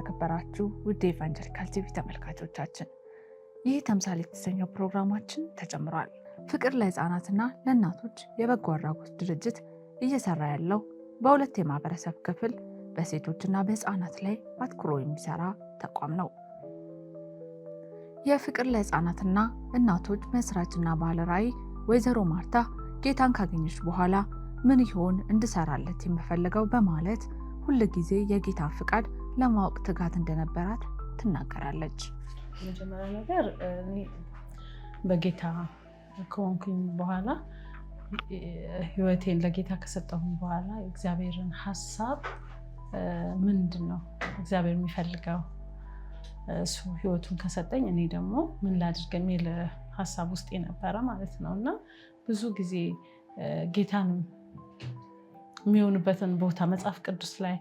የተከበራችሁ ውድ የኢቫንጀሊካል ቲቪ ተመልካቾቻችን ይህ ተምሳሌ የተሰኘው ፕሮግራማችን ተጨምሯል። ፍቅር ለህፃናትና ለእናቶች የበጎ አድራጎት ድርጅት እየሰራ ያለው በሁለት የማህበረሰብ ክፍል በሴቶችና በህፃናት ላይ አትኩሮ የሚሰራ ተቋም ነው። የፍቅር ለሕፃናትና እናቶች መስራችና ባለ ወይዘሮ ማርታ ጌታን ካገኘች በኋላ ምን ይሆን እንድሰራለት የምፈልገው በማለት ሁል ጊዜ የጌታን ፍቃድ ለማወቅ ትጋት እንደነበራት ትናገራለች። መጀመሪያ ነገር በጌታ ከሆንኩኝ በኋላ ህይወቴን ለጌታ ከሰጠሁኝ በኋላ እግዚአብሔርን ሀሳብ ምንድን ነው እግዚአብሔር የሚፈልገው እሱ ህይወቱን ከሰጠኝ እኔ ደግሞ ምን ላድርግ የሚል ሀሳብ ውስጥ የነበረ ማለት ነው። እና ብዙ ጊዜ ጌታንም የሚሆንበትን ቦታ መጽሐፍ ቅዱስ ላይ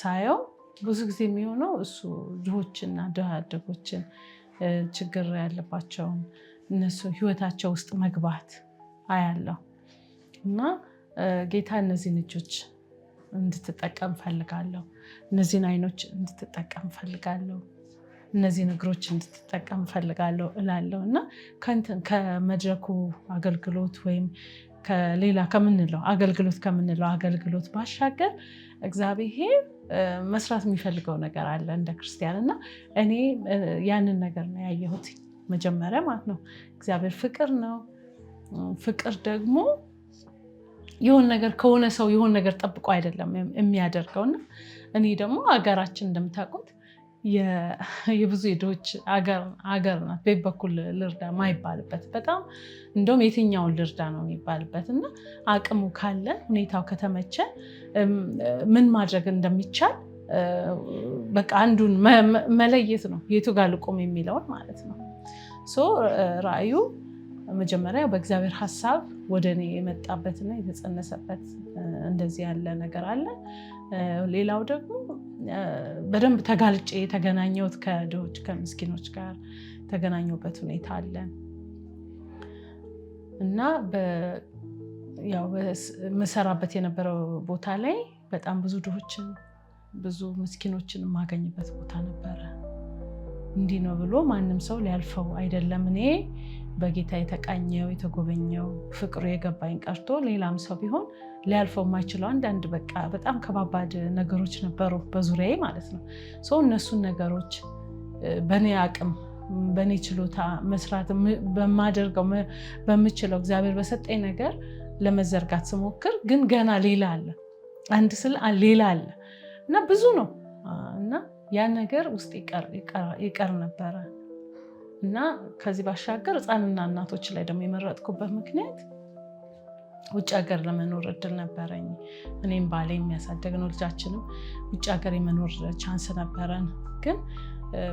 ሳየው ብዙ ጊዜ የሚሆነው እሱ ድሆችና ድሃ አደጎችን ችግር ያለባቸውን እነሱ ህይወታቸው ውስጥ መግባት አያለው እና ጌታ እነዚህን እጆች እንድትጠቀም ፈልጋለሁ፣ እነዚህን አይኖች እንድትጠቀም ፈልጋለሁ፣ እነዚህን እግሮች እንድትጠቀም ፈልጋለሁ እላለሁ እና ከመድረኩ አገልግሎት ወይም ከሌላ ከምንለው አገልግሎት ከምንለው አገልግሎት ባሻገር እግዚአብሔር መስራት የሚፈልገው ነገር አለ እንደ ክርስቲያን እና እኔ ያንን ነገር ነው ያየሁት መጀመሪያ ማለት ነው። እግዚአብሔር ፍቅር ነው። ፍቅር ደግሞ የሆን ነገር ከሆነ ሰው የሆን ነገር ጠብቆ አይደለም የሚያደርገው እና እኔ ደግሞ ሀገራችን እንደምታውቁት የብዙ ሄዶች አገር ናት። ቤት በኩል ልርዳ ማይባልበት በጣም እንደውም የትኛውን ልርዳ ነው የሚባልበት እና አቅሙ ካለ ሁኔታው ከተመቸ ምን ማድረግ እንደሚቻል በቃ አንዱን መለየት ነው የቱ ጋር ልቆም የሚለውን ማለት ነው። ሶ ራእዩ መጀመሪያ በእግዚአብሔር ሀሳብ ወደ እኔ የመጣበትና የተጸነሰበት እንደዚህ ያለ ነገር አለ። ሌላው ደግሞ በደንብ ተጋልጬ የተገናኘሁት ከድሆች ከምስኪኖች ጋር የተገናኘሁበት ሁኔታ አለ እና የምሰራበት የነበረው ቦታ ላይ በጣም ብዙ ድሆችን ብዙ ምስኪኖችን የማገኝበት ቦታ ነበረ። እንዲህ ነው ብሎ ማንም ሰው ሊያልፈው አይደለም እኔ በጌታ የተቃኘው የተጎበኘው ፍቅሩ የገባኝ ቀርቶ ሌላም ሰው ቢሆን ሊያልፈው የማይችለው አንዳንድ በቃ በጣም ከባባድ ነገሮች ነበሩ በዙሪያዬ ማለት ነው። ሰው እነሱን ነገሮች በእኔ አቅም በእኔ ችሎታ መስራት በማደርገው በምችለው እግዚአብሔር በሰጠኝ ነገር ለመዘርጋት ስሞክር ግን ገና ሌላ አለ፣ አንድ ስል ሌላ አለ እና ብዙ ነው እና ያን ነገር ውስጥ ይቀር ነበረ እና ከዚህ ባሻገር ህፃንና እናቶች ላይ ደግሞ የመረጥኩበት ምክንያት ውጭ ሀገር ለመኖር እድል ነበረኝ። እኔም ባሌ የሚያሳደግ ነው፣ ልጃችንም ውጭ ሀገር የመኖር ቻንስ ነበረን። ግን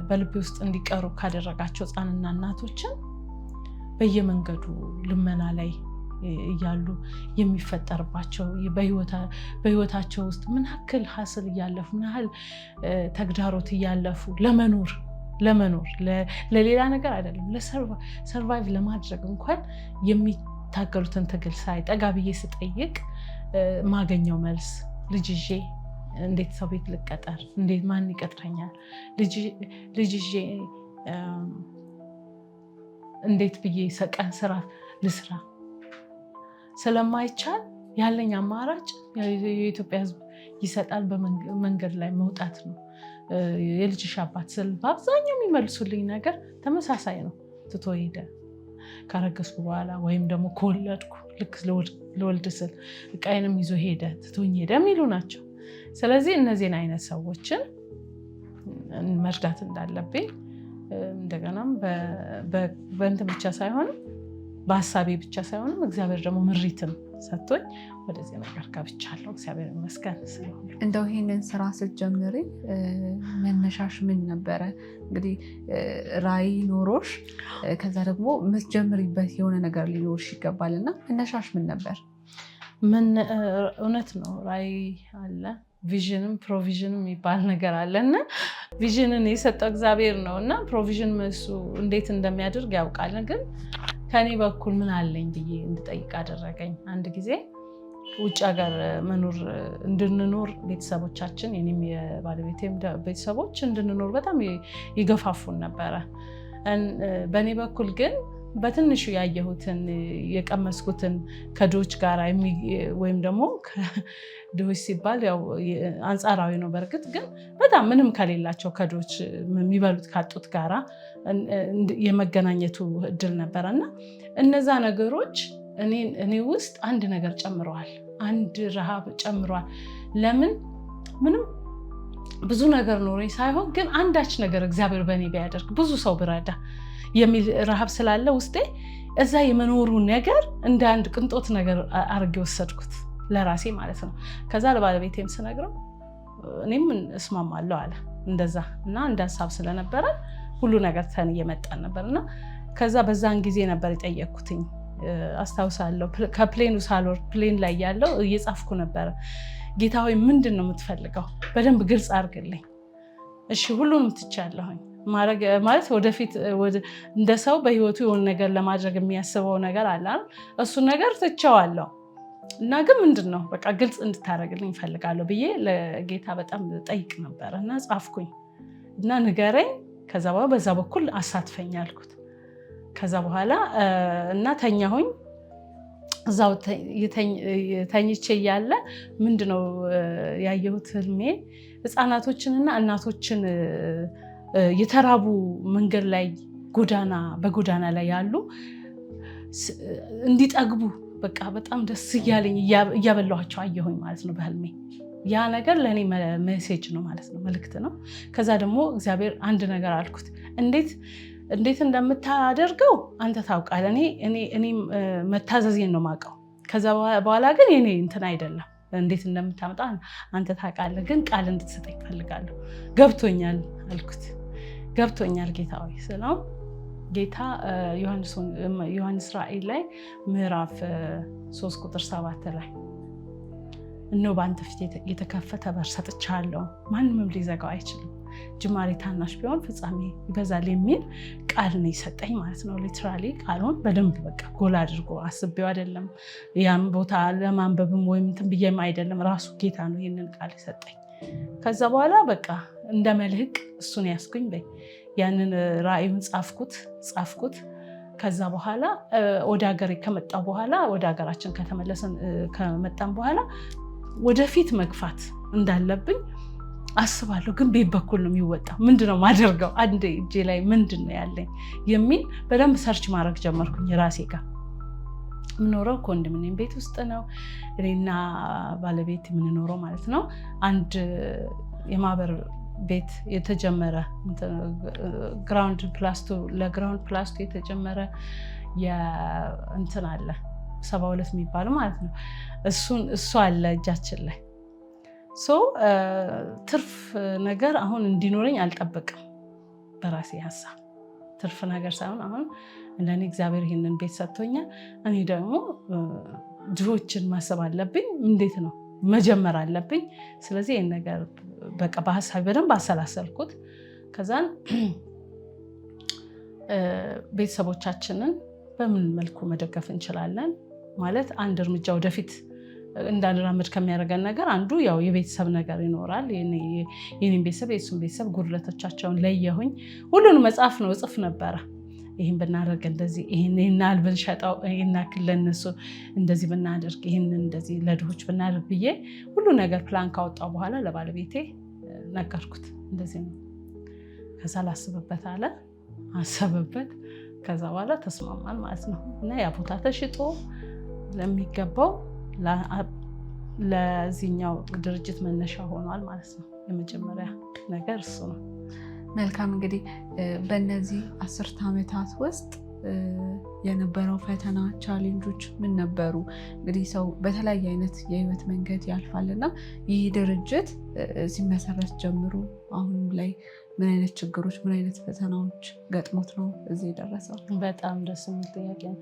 በልቤ ውስጥ እንዲቀሩ ካደረጋቸው ህፃንና እናቶችን በየመንገዱ ልመና ላይ እያሉ የሚፈጠርባቸው በህይወታቸው ውስጥ ምን ያክል ሀስል እያለፉ ምን ያህል ተግዳሮት እያለፉ ለመኖር ለመኖር ለሌላ ነገር አይደለም፣ ሰርቫይቭ ለማድረግ እንኳን የሚታገሉትን ትግል ሳይ ጠጋ ብዬ ስጠይቅ ማገኘው መልስ ልጅ ይዤ እንዴት ሰው ቤት ልቀጠር? እንዴት ማን ይቀጥረኛል? ልጅ ይዤ እንዴት ብዬ ሰቀን ስራ ልስራ ስለማይቻል ያለኝ አማራጭ የኢትዮጵያ ሕዝብ ይሰጣል በመንገድ ላይ መውጣት ነው። የልጅሽ አባት ስል በአብዛኛው የሚመልሱልኝ ነገር ተመሳሳይ ነው። ትቶ ሄደ። ካረገዝኩ በኋላ ወይም ደግሞ ከወለድኩ ልክ ለወልድ ስል እቃይንም ይዞ ሄደ፣ ትቶኝ ሄደ የሚሉ ናቸው። ስለዚህ እነዚህን አይነት ሰዎችን መርዳት እንዳለብኝ እንደገናም በእንትን ብቻ ሳይሆንም በሀሳቤ ብቻ ሳይሆንም እግዚአብሔር ደግሞ ምሪትም ሰጥቶኝ ወደዚህ ነገር ገብቻለሁ። እግዚአብሔር ይመስገን። እንደው ይህንን ስራ ስትጀምሪ መነሻሽ ምን ነበረ? እንግዲህ ራይ ኖሮሽ ከዛ ደግሞ የምትጀምሪበት የሆነ ነገር ሊኖርሽ ይገባል እና መነሻሽ ምን ነበር? ምን እውነት ነው ራይ አለ ቪዥንም ፕሮቪዥንም የሚባል ነገር አለ እና ቪዥንን የሰጠው እግዚአብሔር ነው እና ፕሮቪዥን እሱ እንዴት እንደሚያደርግ ያውቃል ግን ከኔ በኩል ምን አለኝ ብዬ እንድጠይቅ አደረገኝ። አንድ ጊዜ ውጭ ሀገር መኖር እንድንኖር ቤተሰቦቻችን የኔም የባለቤቴም ቤተሰቦች እንድንኖር በጣም ይገፋፉን ነበረ። በእኔ በኩል ግን በትንሹ ያየሁትን የቀመስኩትን ከድሆች ጋር ወይም ደግሞ ድሆች ሲባል ያው አንጻራዊ ነው። በእርግጥ ግን በጣም ምንም ከሌላቸው ከድሆች የሚበሉት ካጡት ጋራ የመገናኘቱ እድል ነበረ እና እነዛ ነገሮች እኔ ውስጥ አንድ ነገር ጨምረዋል፣ አንድ ረሃብ ጨምረዋል። ለምን ምንም ብዙ ነገር ኖሮኝ ሳይሆን ግን አንዳች ነገር እግዚአብሔር በእኔ ቢያደርግ ብዙ ሰው ብረዳ የሚል ረሃብ ስላለ ውስጤ እዛ የመኖሩ ነገር እንደ አንድ ቅንጦት ነገር አድርጌ ወሰድኩት ለራሴ ማለት ነው። ከዛ ለባለቤቴም ስነግረው እኔም እስማማለሁ አለ እንደዛ እና እንደ ሀሳብ ስለነበረ ሁሉ ነገር ተን እየመጣን ነበር እና ከዛ በዛን ጊዜ ነበር የጠየቅኩትኝ አስታውሳለሁ። ከፕሌኑ ሳልወርድ ፕሌን ላይ ያለው እየጻፍኩ ነበረ። ጌታ ሆይ ምንድን ነው የምትፈልገው? በደንብ ግልጽ አድርግልኝ። እሺ ሁሉንም ትቻለሁኝ ማለት ወደፊት እንደ ሰው በህይወቱ የሆነ ነገር ለማድረግ የሚያስበው ነገር አለ። እሱን ነገር ትቸዋለሁ እና ግን ምንድን ነው በቃ ግልጽ እንድታደርግልኝ እፈልጋለሁ ብዬ ለጌታ በጣም ጠይቅ ነበረ እና ጻፍኩኝ እና ንገረኝ፣ ከዛ በኋላ በዛ በኩል አሳትፈኝ አልኩት። ከዛ በኋላ እና ተኛሁኝ። እዛው ተኝቼ እያለ ምንድነው ያየሁት ህልሜ ህፃናቶችንና እናቶችን የተራቡ መንገድ ላይ ጎዳና በጎዳና ላይ ያሉ እንዲጠግቡ በቃ በጣም ደስ እያለኝ እያበላኋቸው አየሁኝ ማለት ነው በህልሜ። ያ ነገር ለእኔ መሴጅ ነው ማለት ነው፣ መልክት ነው። ከዛ ደግሞ እግዚአብሔር አንድ ነገር አልኩት፣ እንዴት እንዴት እንደምታደርገው አንተ ታውቃለህ። እኔ እኔ መታዘዜን ነው የማውቀው። ከዛ በኋላ ግን የኔ እንትን አይደለም እንዴት እንደምታመጣ አንተ ታውቃለህ፣ ግን ቃል እንድትሰጠኝ እፈልጋለሁ። ገብቶኛል አልኩት። ገብቶኛል ጌታ ወይ ስለው ጌታ ዮሐንስ ራእይ ላይ ምዕራፍ 3 ቁጥር 7 ላይ እነሆ በአንተ ፊት የተከፈተ በር ሰጥቻለሁ፣ ማንምም ሊዘጋው አይችልም፣ ጅማሬ ታናሽ ቢሆን ፍጻሜ ይበዛል የሚል ቃል ነው የሰጠኝ ማለት ነው። ሊትራሊ ቃሉን በደንብ በቃ ጎላ አድርጎ አስቤው አይደለም ያም ቦታ ለማንበብም ወይም እንትን ብዬም አይደለም፣ ራሱ ጌታ ነው ይህንን ቃል የሰጠኝ። ከዛ በኋላ በቃ እንደ መልህቅ እሱን ያስኩኝ በይ ያንን ራእዩን ጻፍኩት ጻፍኩት። ከዛ በኋላ ወደ ሀገር ከመጣ በኋላ ወደ ሀገራችን ከተመለሰን ከመጣን በኋላ ወደፊት መግፋት እንዳለብኝ አስባለሁ። ግን ቤት በኩል ነው የሚወጣው። ምንድነው ማደርገው? አንዴ እጄ ላይ ምንድን ነው ያለኝ የሚል በደንብ ሰርች ማድረግ ጀመርኩኝ ራሴ ጋር የምኖረው ኮንዶሚኒየም ቤት ውስጥ ነው። እኔና ባለቤት የምንኖረው ማለት ነው። አንድ የማህበር ቤት የተጀመረ ግራውንድ ፕላስቱ ለግራውንድ ፕላስቱ የተጀመረ እንትን አለ ሰባ ሁለት የሚባለው ማለት ነው። እሱን እሱ አለ እጃችን ላይ ሶ ትርፍ ነገር አሁን እንዲኖረኝ አልጠበቅም። በራሴ ሀሳብ ትርፍ ነገር ሳይሆን አሁን ለእኔ እግዚአብሔር ይህንን ቤት ሰጥቶኛል። እኔ ደግሞ ድሆችን ማሰብ አለብኝ። እንዴት ነው መጀመር አለብኝ። ስለዚህ ይህን ነገር በቃ በሀሳቢ በደንብ አሰላሰልኩት። ከዛን ቤተሰቦቻችንን በምን መልኩ መደገፍ እንችላለን ማለት አንድ እርምጃ ወደፊት እንዳንራመድ ከሚያደርገን ነገር አንዱ ያው የቤተሰብ ነገር ይኖራል። የኔም ቤተሰብ የእሱም ቤተሰብ ጉድለቶቻቸውን ለየሁኝ። ሁሉንም መጽሐፍ ነው እጽፍ ነበረ ይህን ብናደርግ እንደዚህ ይህን ብንሸጠው ይህናክል ለነሱ እንደዚህ ብናደርግ ይህን እንደዚህ ለድሆች ብናደርግ ብዬ ሁሉ ነገር ፕላን ካወጣው በኋላ ለባለቤቴ ነገርኩት። እንደዚህ ነው። ከዛ ላስብበት አለ፣ አሰብበት። ከዛ በኋላ ተስማማል ማለት ነው። እና ያ ቦታ ተሽጦ ለሚገባው ለዚህኛው ድርጅት መነሻ ሆኗል ማለት ነው። የመጀመሪያ ነገር እሱ ነው። መልካም እንግዲህ በእነዚህ አስርት ዓመታት ውስጥ የነበረው ፈተና ቻሌንጆች ምን ነበሩ? እንግዲህ ሰው በተለያየ አይነት የህይወት መንገድ ያልፋል እና ይህ ድርጅት ሲመሰረት ጀምሮ አሁንም ላይ ምን አይነት ችግሮች፣ ምን አይነት ፈተናዎች ገጥሞት ነው እዚህ የደረሰው? በጣም ደስ የሚል ጥያቄ ነው።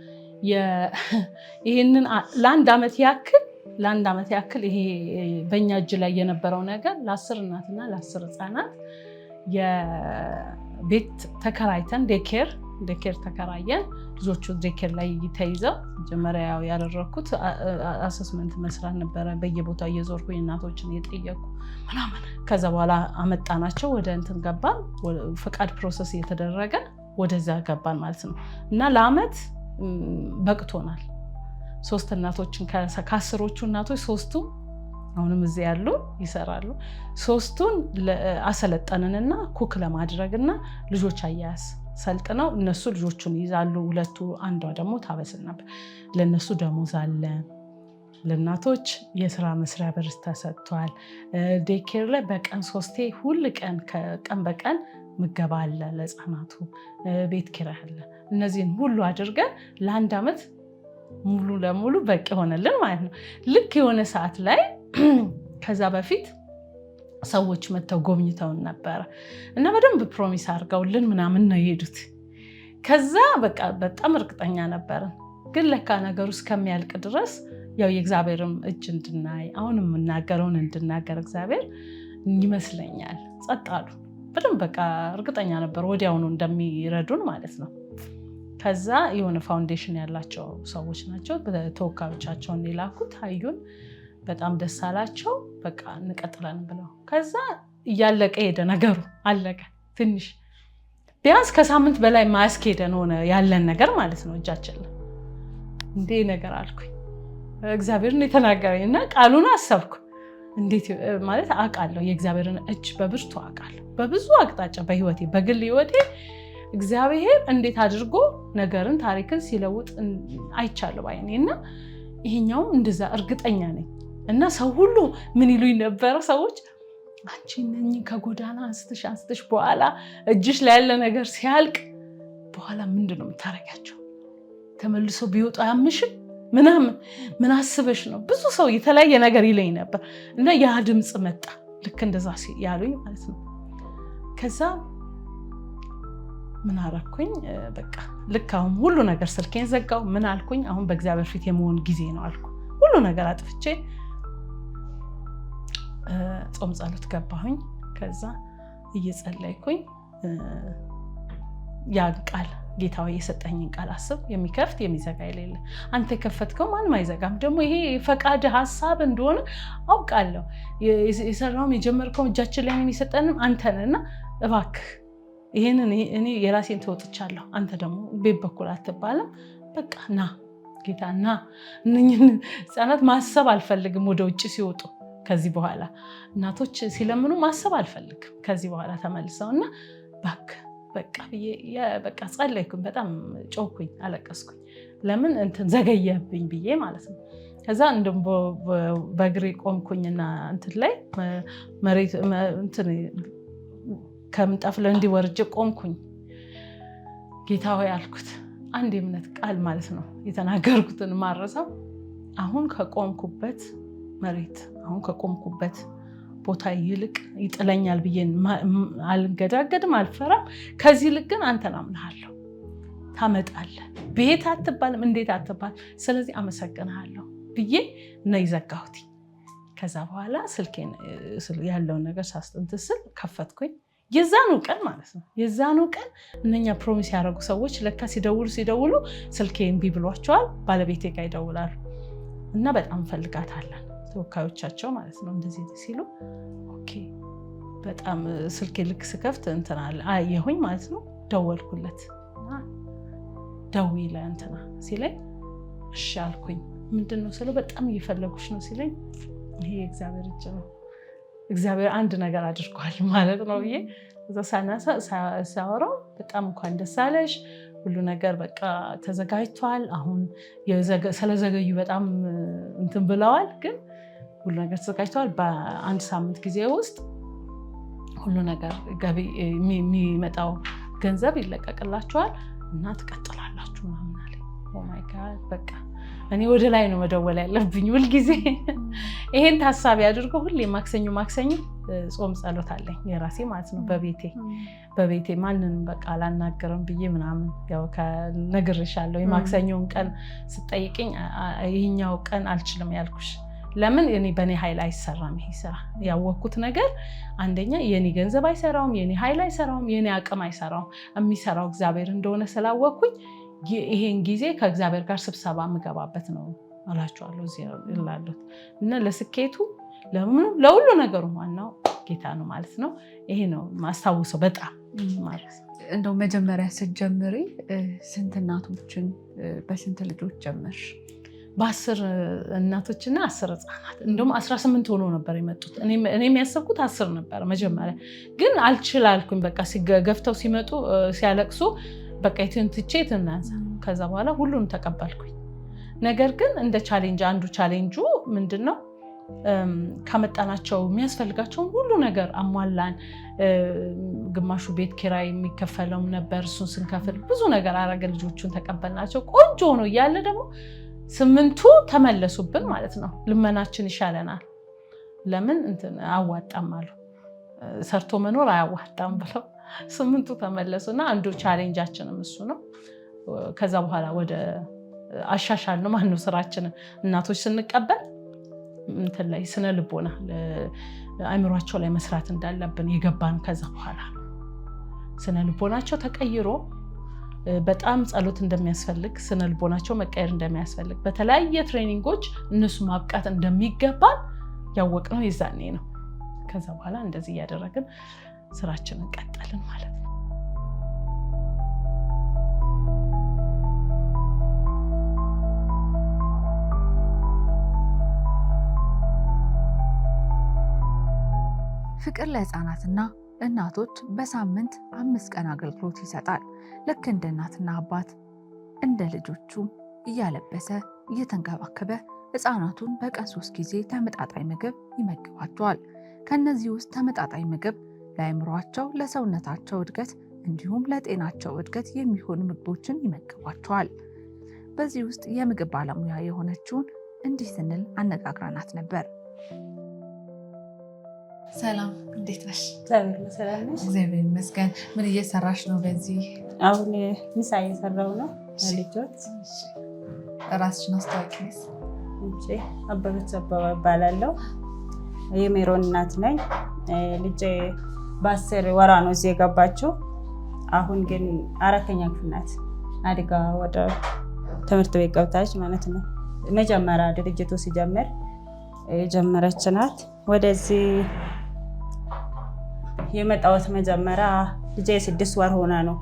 ይህንን ለአንድ ዓመት ያክል ለአንድ ዓመት ያክል ይሄ በእኛ እጅ ላይ የነበረው ነገር ለአስር እናትና ለአስር ህፃናት የቤት ተከራይተን ዴኬር ዴኬር ተከራየን። ልጆቹ ዴኬር ላይ ተይዘው መጀመሪያ ያደረግኩት አሰስመንት መስራት ነበረ። በየቦታው እየዞርኩ እናቶችን እየጠየኩ ምናምን። ከዛ በኋላ አመጣናቸው ወደ እንትን ገባን። ፈቃድ ፕሮሰስ እየተደረገ ወደዛ ገባን ማለት ነው። እና ለአመት በቅቶናል። ሶስት እናቶችን ከአስሮቹ እናቶች ሶስቱ አሁንም እዚህ ያሉ ይሰራሉ። ሶስቱን አሰለጠንንና ኩክ ለማድረግና ልጆች አያያዝ ሰልጥነው እነሱ ልጆቹን ይይዛሉ። ሁለቱ አንዷ ደግሞ ታበስል ነበር። ለእነሱ ደሞዝ አለ። ለእናቶች የስራ መስሪያ ብር ተሰጥቷል። ዴኬር ላይ በቀን ሶስቴ ሁል ቀን ቀን በቀን ምገባ አለ ለህፃናቱ፣ ቤት ኪራይ አለ። እነዚህን ሁሉ አድርገን ለአንድ ዓመት ሙሉ ለሙሉ በቂ ሆነልን ማለት ነው። ልክ የሆነ ሰዓት ላይ ከዛ በፊት ሰዎች መጥተው ጎብኝተውን ነበረ እና በደንብ ፕሮሚስ አድርገውልን ምናምን ነው የሄዱት። ከዛ በቃ በጣም እርግጠኛ ነበርን። ግን ለካ ነገሩ እስከሚያልቅ ድረስ ያው የእግዚአብሔርም እጅ እንድናይ አሁን የምናገረውን እንድናገር እግዚአብሔር ይመስለኛል። ጸጥ አሉ። በደንብ በቃ እርግጠኛ ነበር ወዲያውኑ እንደሚረዱን ማለት ነው። ከዛ የሆነ ፋውንዴሽን ያላቸው ሰዎች ናቸው ተወካዮቻቸውን የላኩት አዩን። በጣም ደስ አላቸው። በቃ እንቀጥለን ብለው ከዛ እያለቀ ሄደ ነገሩ አለቀ። ትንሽ ቢያንስ ከሳምንት በላይ ማያስኬደን ሆነ ያለን ነገር ማለት ነው። እጃችን እንዴ ነገር አልኩኝ። እግዚአብሔርን የተናገረኝ እና ቃሉን አሰብኩ። እንዴት ማለት አውቃለሁ፣ የእግዚአብሔርን እጅ በብርቱ አውቃለሁ። በብዙ አቅጣጫ በህይወቴ በግል ህይወቴ እግዚአብሔር እንዴት አድርጎ ነገርን ታሪክን ሲለውጥ አይቻለሁ ባይኔ እና ይሄኛውም እንደዛ እርግጠኛ ነኝ። እና ሰው ሁሉ ምን ይሉኝ ነበረ ሰዎች አንቺ እነኚህ ከጎዳና አንስትሽ አንስትሽ በኋላ እጅሽ ላይ ያለ ነገር ሲያልቅ በኋላ ምንድን ነው የምታረጊያቸው? ተመልሶ ቢወጡ አያምሽም ምናምን ምን አስበሽ ነው? ብዙ ሰው የተለያየ ነገር ይለኝ ነበር እና ያ ድምፅ መጣ። ልክ እንደዛ ያሉኝ ማለት ነው። ከዛ ምን አረኩኝ? በቃ ልክ አሁን ሁሉ ነገር ስልኬን ዘጋው። ምን አልኩኝ? አሁን በእግዚአብሔር ፊት የመሆን ጊዜ ነው አልኩ። ሁሉ ነገር አጥፍቼ ጾም ጸሎት ገባሁኝ። ከዛ እየጸለይኩኝ ያን ቃል ጌታዊ የሰጠኝን ቃል አስብ፣ የሚከፍት የሚዘጋ የሌለ አንተ የከፈትከው ማንም አይዘጋም። ደግሞ ይሄ ፈቃድ ሀሳብ እንደሆነ አውቃለሁ። የሰራውም የጀመርከው እጃችን ላይ የሰጠንም አንተንና እባክህ ይህንን እኔ የራሴን ተወጥቻለሁ። አንተ ደግሞ ቤት በኩል አትባልም። በቃ ና ጌታ ና። እነኝህን ህፃናት ማሰብ አልፈልግም ወደ ውጭ ሲወጡ ከዚህ በኋላ እናቶች ሲለምኑ ማሰብ አልፈልግም ከዚህ በኋላ ተመልሰው እና ባክ በቃ በቃ ጸለይኩኝ፣ በጣም ጮኩኝ፣ አለቀስኩኝ። ለምን እንትን ዘገየብኝ ብዬ ማለት ነው። ከዛ እንደውም በእግሬ ቆምኩኝና እንትን ላይ መሬት ከምንጣፍ ላይ እንዲወርጅ ቆምኩኝ። ጌታ ሆይ አልኩት። አንድ የእምነት ቃል ማለት ነው የተናገርኩትን ማረሰው አሁን ከቆምኩበት መሬት አሁን ከቆምኩበት ቦታ ይልቅ ይጥለኛል ብዬ አልገዳገድም፣ አልፈራም። ከዚህ ይልቅ ግን አንተን አምናሃለሁ። ታመጣለህ። ቤት አትባልም፣ እንዴት አትባልም። ስለዚህ አመሰግንሃለሁ ብዬ ነው ይዘጋሁት። ከዛ በኋላ ስልኬን ያለውን ነገር ሳስጥንት ስል ከፈትኩኝ። የዛኑ ቀን ማለት ነው። የዛኑ ቀን እነኛ ፕሮሚስ ያደረጉ ሰዎች ለካ ሲደውሉ ሲደውሉ ስልኬ እምቢ ብሏቸዋል። ባለቤቴ ጋር ይደውላሉ እና በጣም እንፈልጋታለን ተወካዮቻቸው ማለት ነው። እንደዚህ ሲሉ ኦኬ በጣም ስልክ ልክ ስከፍት እንትና አየሁኝ ማለት ነው። ደወልኩለት ደዊ ለእንትና ሲለኝ እሺ አልኩኝ። ምንድን ነው ስለው በጣም እየፈለጉች ነው ሲለኝ ይሄ የእግዚአብሔር እጅ ነው እግዚአብሔር አንድ ነገር አድርጓል ማለት ነው ብዬ እዛ ሳናሳ ሳወራው በጣም እንኳን ደስ አለሽ፣ ሁሉ ነገር በቃ ተዘጋጅቷል። አሁን ስለዘገዩ በጣም እንትን ብለዋል፣ ግን ሁሉ ነገር ተዘጋጅተዋል። በአንድ ሳምንት ጊዜ ውስጥ ሁሉ ነገር ገቢ የሚመጣው ገንዘብ ይለቀቅላቸዋል እና ትቀጥላላችሁ ምናምን አለኝ። ኦማይ ጋድ በቃ እኔ ወደ ላይ ነው መደወል ያለብኝ ሁልጊዜ። ይሄን ታሳቢ አድርጎ ሁሌ ማክሰኞ ማክሰኞ ጾም ጸሎት አለኝ የራሴ ማለት ነው። በቤቴ በቤቴ ማንንም በቃ አላናገርም ብዬ ምናምን ያው ነግሬሻለሁ። የማክሰኞውን ቀን ስጠይቅኝ ይህኛው ቀን አልችልም ያልኩሽ ለምን እኔ በእኔ ኃይል አይሰራም ይሄ ስራ። ያወቅኩት ነገር አንደኛ የኔ ገንዘብ አይሰራውም፣ የኔ ኃይል አይሰራውም፣ የኔ አቅም አይሰራውም። የሚሰራው እግዚአብሔር እንደሆነ ስላወቅኩኝ ይሄን ጊዜ ከእግዚአብሔር ጋር ስብሰባ የምገባበት ነው እላችኋለሁ ላሉት እና ለስኬቱ ለሁሉ ነገሩ ዋናው ጌታ ነው ማለት ነው። ይሄ ነው ማስታውሰው በጣም ማለት እንደው መጀመሪያ ስትጀምሪ ስንት እናቶችን በስንት ልጆች ጀመርሽ? በአስር እናቶችና አስር ህፃናት እንደውም አስራ ስምንት ሆኖ ነበር የመጡት። እኔ የሚያሰብኩት አስር ነበር መጀመሪያ፣ ግን አልችላልኩኝ። በቃ ገፍተው ሲመጡ ሲያለቅሱ፣ በቃ የትን ትቼ ትናንሳ። ከዛ በኋላ ሁሉንም ተቀበልኩኝ። ነገር ግን እንደ ቻሌንጅ አንዱ ቻሌንጁ ምንድን ነው ከመጣናቸው የሚያስፈልጋቸውን ሁሉ ነገር አሟላን። ግማሹ ቤት ኪራይ የሚከፈለውም ነበር። እሱን ስንከፍል ብዙ ነገር አረገ። ልጆቹን ተቀበልናቸው ቆንጆ ሆኖ እያለ ደግሞ ስምንቱ ተመለሱብን ማለት ነው። ልመናችን ይሻለናል፣ ለምን እንትን አዋጣም አሉ ሰርቶ መኖር አያዋጣም ብለው ስምንቱ ተመለሱ እና አንዱ ቻሌንጃችንም እሱ ነው። ከዛ በኋላ ወደ አሻሻል ነው ማነው ስራችንን እናቶች ስንቀበል እንትን ላይ ስነ ልቦና አይምሯቸው ላይ መስራት እንዳለብን የገባን ከዛ በኋላ ስነ ልቦናቸው ተቀይሮ በጣም ጸሎት እንደሚያስፈልግ ስነ ልቦናቸው መቀየር እንደሚያስፈልግ በተለያየ ትሬኒንጎች እነሱ ማብቃት እንደሚገባል ያወቅ ነው የዛኔ ነው። ከዛ በኋላ እንደዚህ እያደረግን ስራችንን ቀጠልን ማለት ነው። ፍቅር ለህፃናትና እናቶች በሳምንት አምስት ቀን አገልግሎት ይሰጣል። ልክ እንደ እናትና አባት እንደ ልጆቹ እያለበሰ እየተንከባከበ ህፃናቱን በቀን ሶስት ጊዜ ተመጣጣኝ ምግብ ይመግባቸዋል። ከእነዚህ ውስጥ ተመጣጣኝ ምግብ ለአይምሯቸው ለሰውነታቸው እድገት እንዲሁም ለጤናቸው እድገት የሚሆኑ ምግቦችን ይመግቧቸዋል። በዚህ ውስጥ የምግብ ባለሙያ የሆነችውን እንዲህ ስንል አነጋግረናት ነበር። ሰላም፣ እንዴት ነሽ? እግዚአብሔር ይመስገን። ምን እየሰራሽ ነው? በዚህ አሁን ምሳ እየሰራው ነው ልጆች። ራስሽን አስታውቂ። አበበች አበባ እባላለሁ። የሜሮን እናት ነኝ። ልጄ በአስር ወራ ነው እዚህ የገባችው። አሁን ግን አራተኛ ክፍል ናት። አድጋ ወደ ትምህርት ቤት ገብታች ማለት ነው። መጀመሪያ ድርጅቱ ሲጀምር የጀመረች ናት ወደዚህ የመጣሁት መጀመሪያ ልጄ ስድስት ወር ሆነ ነው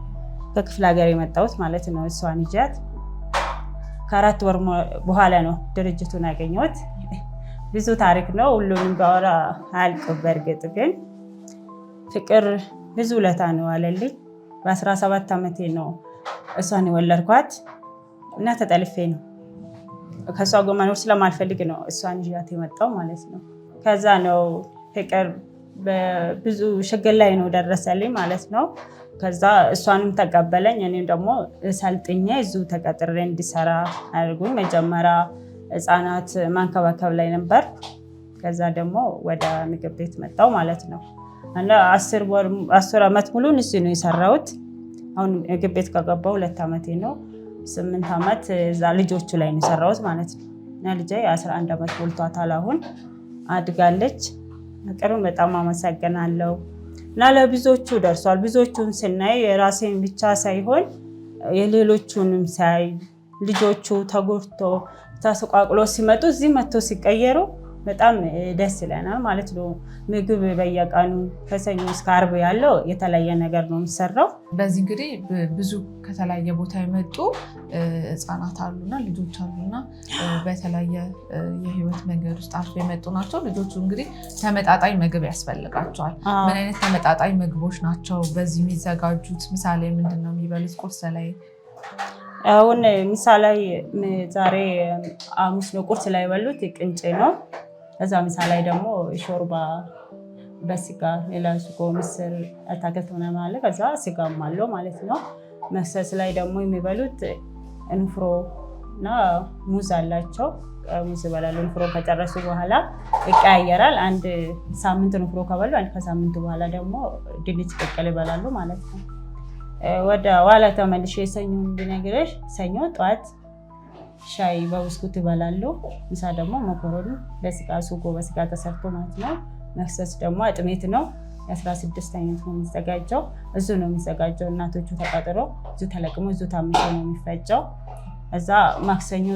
ከክፍለ ሀገር የመጣሁት ማለት ነው። እሷን ይዣት ከአራት ወር በኋላ ነው ድርጅቱን ያገኘሁት። ብዙ ታሪክ ነው፣ ሁሉንም ባወራ አያልቅም። በእርግጥ ግን ፍቅር ብዙ ውለታ ነው አለልኝ። በ17 ዓመቴ ነው እሷን የወለድኳት እና ተጠልፌ ነው ከእሷ ጎመኖር ስለማልፈልግ ነው እሷን ይዣት የመጣው ማለት ነው። ከዛ ነው ፍቅር ብዙ ሽግል ላይ ነው ደረሰልኝ ማለት ነው። ከዛ እሷንም ተቀበለኝ። እኔም ደግሞ ሰልጥኛ እዚሁ ተቀጥሬ እንዲሰራ አድርጉኝ። መጀመሪያ ህፃናት ማንከባከብ ላይ ነበር። ከዛ ደግሞ ወደ ምግብ ቤት መጣው ማለት ነው። አስር ዓመት ሙሉ ንሱ ነው የሰራሁት። አሁን ምግብ ቤት ከገባሁ ሁለት ዓመቴ ነው። ስምንት ዓመት እዛ ልጆቹ ላይ ነው የሰራሁት ማለት ነው። እና ልጄ 11 ዓመት ሞልቷታል አሁን አድጋለች። አቅርም በጣም አመሰግናለሁ እና ለብዙዎቹ ደርሷል። ብዙዎቹን ስናይ የራሴን ብቻ ሳይሆን የሌሎቹንም ሳይ ልጆቹ ተጎድቶ ተሰቋቅሎ ሲመጡ እዚህ መጥቶ ሲቀየሩ በጣም ደስ ይለናል ማለት ነው። ምግብ በየቀኑ ከሰኞ እስከ አርብ ያለው የተለያየ ነገር ነው የሚሰራው። በዚህ እንግዲህ ብዙ ከተለያየ ቦታ የመጡ ህፃናት አሉና ልጆች አሉና በተለያየ የህይወት መንገድ ውስጥ አልፎ የመጡ ናቸው። ልጆቹ እንግዲህ ተመጣጣኝ ምግብ ያስፈልጋቸዋል። ምን አይነት ተመጣጣኝ ምግቦች ናቸው በዚህ የሚዘጋጁት? ምሳሌ ምንድን ነው የሚበሉት ቁርስ ላይ አሁን ምሳ ላይ ዛሬ አሙስ ነው ቁርስ ላይ የበሉት ቅንጬ ነው። እዛ ምሳ ላይ ደግሞ ሾርባ በስጋ ሌላ ስጎ ምስር አታክልት ሆነ ማለ ከዛ ስጋም አለው ማለት ነው። መክሰስ ላይ ደግሞ የሚበሉት እንፍሮ እና ሙዝ አላቸው። ሙዝ ይበላሉ። እንፍሮ ከጨረሱ በኋላ ይቀያየራል። አንድ ሳምንት እንፍሮ ከበሉ፣ አንድ ከሳምንቱ በኋላ ደግሞ ድንች ቅቅል ይበላሉ ማለት ነው። ወደ ኋላ ተመልሼ የሰኞን ብነግረሽ ሰኞ ጠዋት ሻይ በብስኩት እበላለሁ። ምሳ ደግሞ መኮረኒ በስጋ ሱጎ በስጋ ተሰርቶ ማለት ነው። መክሰስ ደግሞ አጥሜት ነው። የአስራ ስድስት አይነት ነው የሚዘጋጀው። እዙ ነው የሚዘጋጀው። እናቶቹ ተቀጥሮ እዙ ተለቅሞ እዙ ታምሶ ነው የሚፈጨው። እዛ ማክሰኞ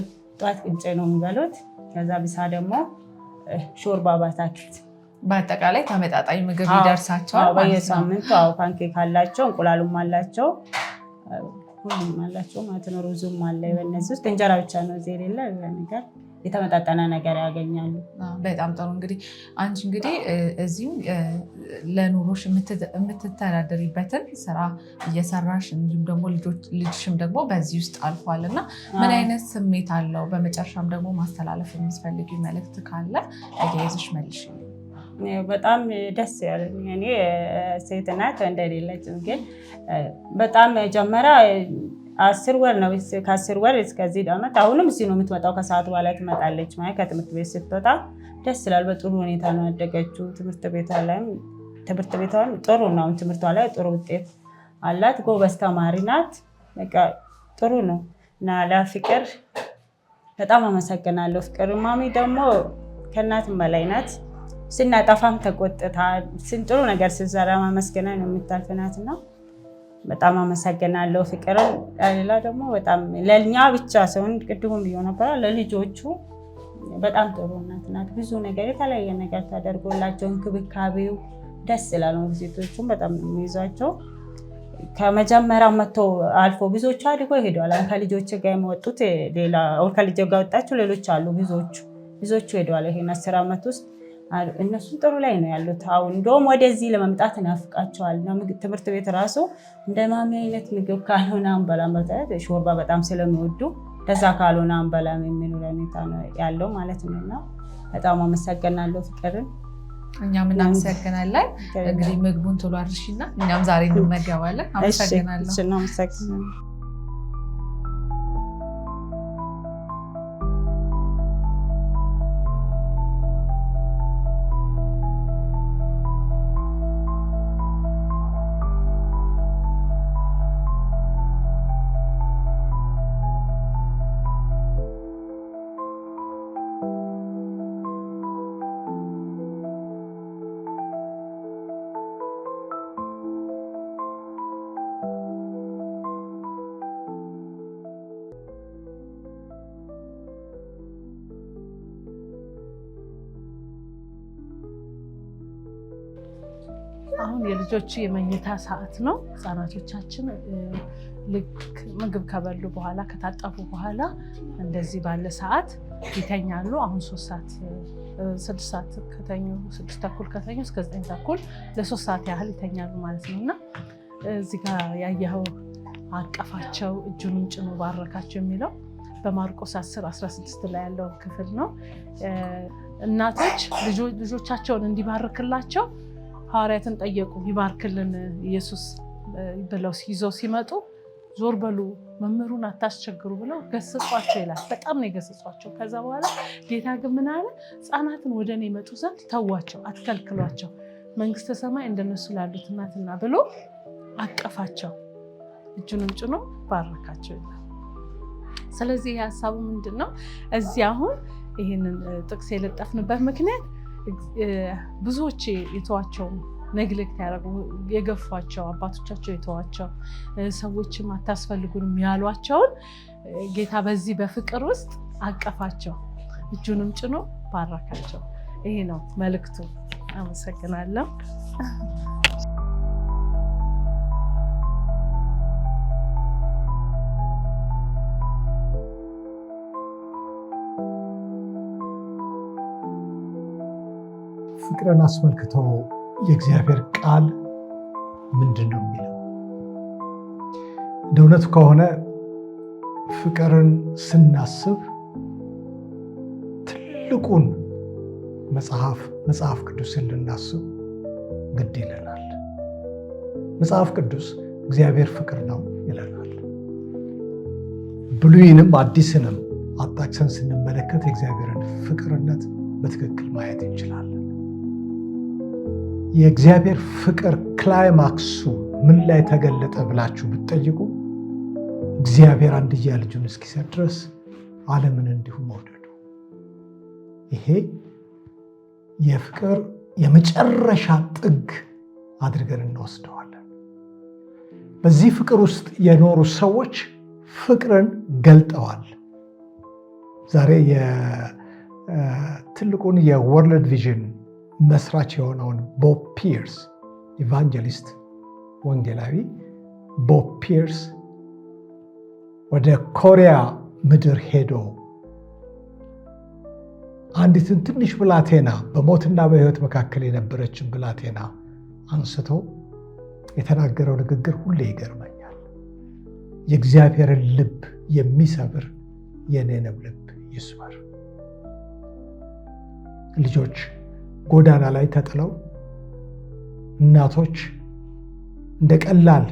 ጧት ቅንጨ ነው የሚበሉት። ከዛ ብሳ ደግሞ ሾርባ ባታክልት በአጠቃላይ ተመጣጣኝ ምግብ ይደርሳቸዋል። በየሳምንቱ ፓንኬክ አላቸው፣ እንቁላሉም አላቸው። ሁሉም አላቸው ማለት ነው። ሩዙም አለ። በእነዚህ ውስጥ እንጀራ ብቻ ነው እዚህ የሌለ ነገር የተመጣጠነ ነገር ያገኛሉ። በጣም ጥሩ። እንግዲህ አንቺ እንግዲህ እዚሁ ለኑሮሽ የምትተዳደሪበትን ስራ እየሰራሽ እንዲሁም ደግሞ ልጅሽም ደግሞ በዚህ ውስጥ አልፏል እና ምን አይነት ስሜት አለው? በመጨረሻም ደግሞ ማስተላለፍ የምትፈልጊው መልእክት ካለ ተያይዘሽ መልሽ። በጣም ደስ ያለኝ እኔ ሴት ናት እንደሌለችም፣ ግን በጣም መጀመሪያ አስር ወር ነው። ከአስር ወር እስከዚህ ዓመት አሁንም እዚህ ነው የምትመጣው። ከሰዓት በኋላ ትመጣለች ማለት ከትምህርት ቤት ስትወጣ ደስ ይላል። በጥሩ ሁኔታ ነው ያደገችው። ትምህርት ቤቷ ላይም ትምህርት ቤቷ ጥሩ ነው። ትምህርቷ ላይ ጥሩ ውጤት አላት። ጎበዝ ተማሪ ናት። በቃ ጥሩ ነው እና ለፍቅር በጣም አመሰግናለሁ። ፍቅር ማሚ ደግሞ ከእናትም በላይ ናት። ስናጠፋም ተቆጥታል። ስንጥሩ ነገር ስንሰራ ማመስገና ነው የምታልፍናት እና በጣም አመሰግናለሁ ፍቅርን። ሌላ ደግሞ በጣም ለእኛ ብቻ ሰውን ቅድሙ ብዬ ነበረ ለልጆቹ በጣም ጥሩ እናት ናት። ብዙ ነገር የተለያየ ነገር ተደርጎላቸው እንክብካቤው ደስ ይላል። ሴቶቹም በጣም የሚይዟቸው። ከመጀመሪያ መጥቶ አልፎ ብዙዎቹ አድጎ ሄደዋል። ከልጆች ጋር የመወጡት ሌላ ከልጆ ጋር ወጣቸው ሌሎች አሉ። ብዙዎቹ ብዙዎቹ ሄደዋል ይሄን አስር ዓመት ውስጥ እነሱም ጥሩ ላይ ነው ያሉት። አሁን እንደውም ወደዚህ ለመምጣት እናፍቃቸዋል። ትምህርት ቤት ራሱ እንደ ማሚ አይነት ምግብ ካልሆነ አንበላም፣ ሾርባ በጣም ስለሚወዱ ከዛ ካልሆነ አንበላም የሚል ሁኔታ ያለው ማለት ነው። እና በጣም አመሰግናለሁ ፍቅርን። እኛም እናመሰግናለን። እንግዲህ ምግቡን ቶሎ አድርሺና እኛም ዛሬ እንመገባለን። አመሰግናለሁ። የልጆች የመኝታ ሰዓት ነው። ህጻናቶቻችን ልክ ምግብ ከበሉ በኋላ ከታጠቡ በኋላ እንደዚህ ባለ ሰዓት ይተኛሉ። አሁን ሶስት ሰዓት ስድስት ሰዓት ከተኙ ስድስት ተኩል ከተኙ እስከ ዘጠኝ ተኩል ለሶስት ሰዓት ያህል ይተኛሉ ማለት ነው እና እዚህ ጋር ያየኸው አቀፋቸው እጁንም ጭኖ ባረካቸው የሚለው በማርቆስ 10 16 ላይ ያለው ክፍል ነው። እናቶች ልጆቻቸውን እንዲባርክላቸው ሐዋርያትን ጠየቁ፣ ይባርክልን ኢየሱስ ብለው ይዘው ሲመጡ ዞር በሉ መምህሩን አታስቸግሩ ብለው ገስጿቸው ይላል። በጣም ነው የገስጿቸው። ከዛ በኋላ ጌታ ግን ምን አለ? ወደ እኔ ይመጡ ዘንድ ተዋቸው፣ አትከልክሏቸው፣ መንግስተ ሰማይ እንደነሱ ላሉት ናትና ብሎ አቀፋቸው፣ እጁንም ጭኖ ባረካቸው ይላል። ስለዚህ ሀሳቡ ምንድን ነው? እዚህ አሁን ይህንን ጥቅስ የለጠፍንበት ምክንያት ብዙዎች የተዋቸው ነግሌክት ያደረጉ የገፏቸው አባቶቻቸው የተዋቸው ሰዎችም አታስፈልጉንም ያሏቸውን ጌታ በዚህ በፍቅር ውስጥ አቀፋቸው፣ እጁንም ጭኖ ባረካቸው። ይሄ ነው መልእክቱ። አመሰግናለሁ። ፍቅርን አስመልክቶ የእግዚአብሔር ቃል ምንድን ነው የሚለው? እንደ እውነቱ ከሆነ ፍቅርን ስናስብ ትልቁን መጽሐፍ መጽሐፍ ቅዱስን ልናስብ ግድ ይለናል። መጽሐፍ ቅዱስ እግዚአብሔር ፍቅር ነው ይለናል። ብሉይንም አዲስንም አጣቅሰን ስንመለከት የእግዚአብሔርን ፍቅርነት በትክክል ማየት እንችላለን። የእግዚአብሔር ፍቅር ክላይማክሱ ምን ላይ ተገለጠ ብላችሁ ብትጠይቁ እግዚአብሔር አንድያ ልጁን እስኪሰጥ ድረስ ዓለምን እንዲሁ መውደዱ። ይሄ የፍቅር የመጨረሻ ጥግ አድርገን እንወስደዋለን። በዚህ ፍቅር ውስጥ የኖሩ ሰዎች ፍቅርን ገልጠዋል። ዛሬ የትልቁን የወርልድ ቪዥን መስራች የሆነውን ቦብ ፒርስ ኢቫንጀሊስት ወንጌላዊ ቦብ ፒርስ ወደ ኮሪያ ምድር ሄዶ አንዲትን ትንሽ ብላቴና በሞትና በሕይወት መካከል የነበረችን ብላቴና አንስቶ የተናገረው ንግግር ሁሌ ይገርመኛል። የእግዚአብሔርን ልብ የሚሰብር የኔንም ልብ ይስበር። ልጆች ጎዳና ላይ ተጥለው እናቶች እንደ ቀላል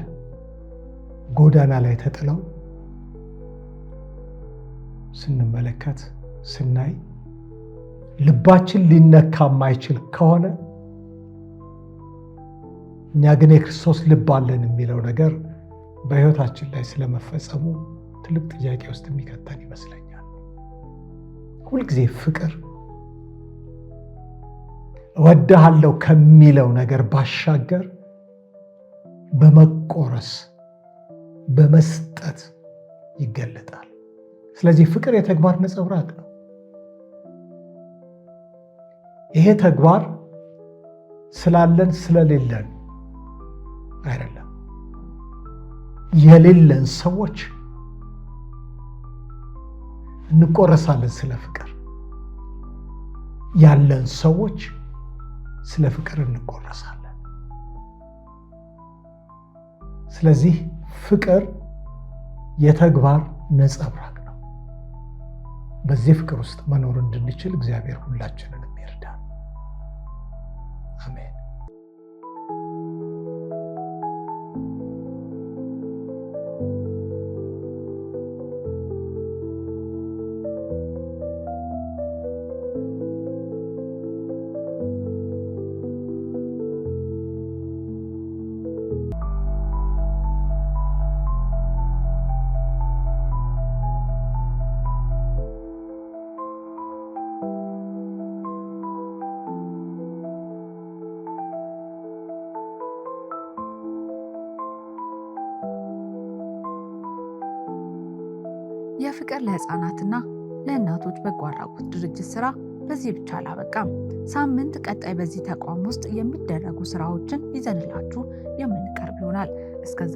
ጎዳና ላይ ተጥለው ስንመለከት ስናይ ልባችን ሊነካ የማይችል ከሆነ እኛ ግን የክርስቶስ ልብ አለን የሚለው ነገር በሕይወታችን ላይ ስለመፈጸሙ ትልቅ ጥያቄ ውስጥ የሚከተን ይመስለኛል። ሁልጊዜ ፍቅር እወድሃለሁ ከሚለው ነገር ባሻገር በመቆረስ በመስጠት ይገለጣል። ስለዚህ ፍቅር የተግባር ነጸብራቅ ነው። ይሄ ተግባር ስላለን ስለሌለን አይደለም። የሌለን ሰዎች እንቆረሳለን ስለ ፍቅር ያለን ሰዎች ስለ ፍቅር እንቆረሳለን። ስለዚህ ፍቅር የተግባር ነጸብራቅ ነው። በዚህ ፍቅር ውስጥ መኖር እንድንችል እግዚአብሔር ሁላችንንም ይርዳል። ለህፃናትና ለእናቶች በጎ አድራጎት ድርጅት ስራ በዚህ ብቻ አላበቃም። ሳምንት ቀጣይ በዚህ ተቋም ውስጥ የሚደረጉ ስራዎችን ይዘንላችሁ የምንቀርብ ይሆናል። እስከዛ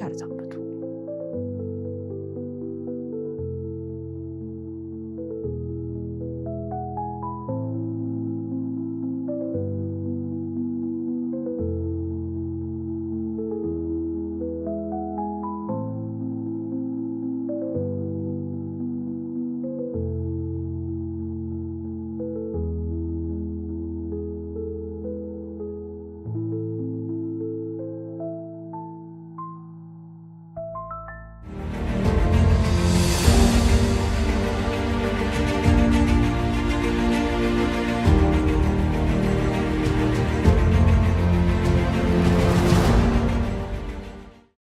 ቻርዛ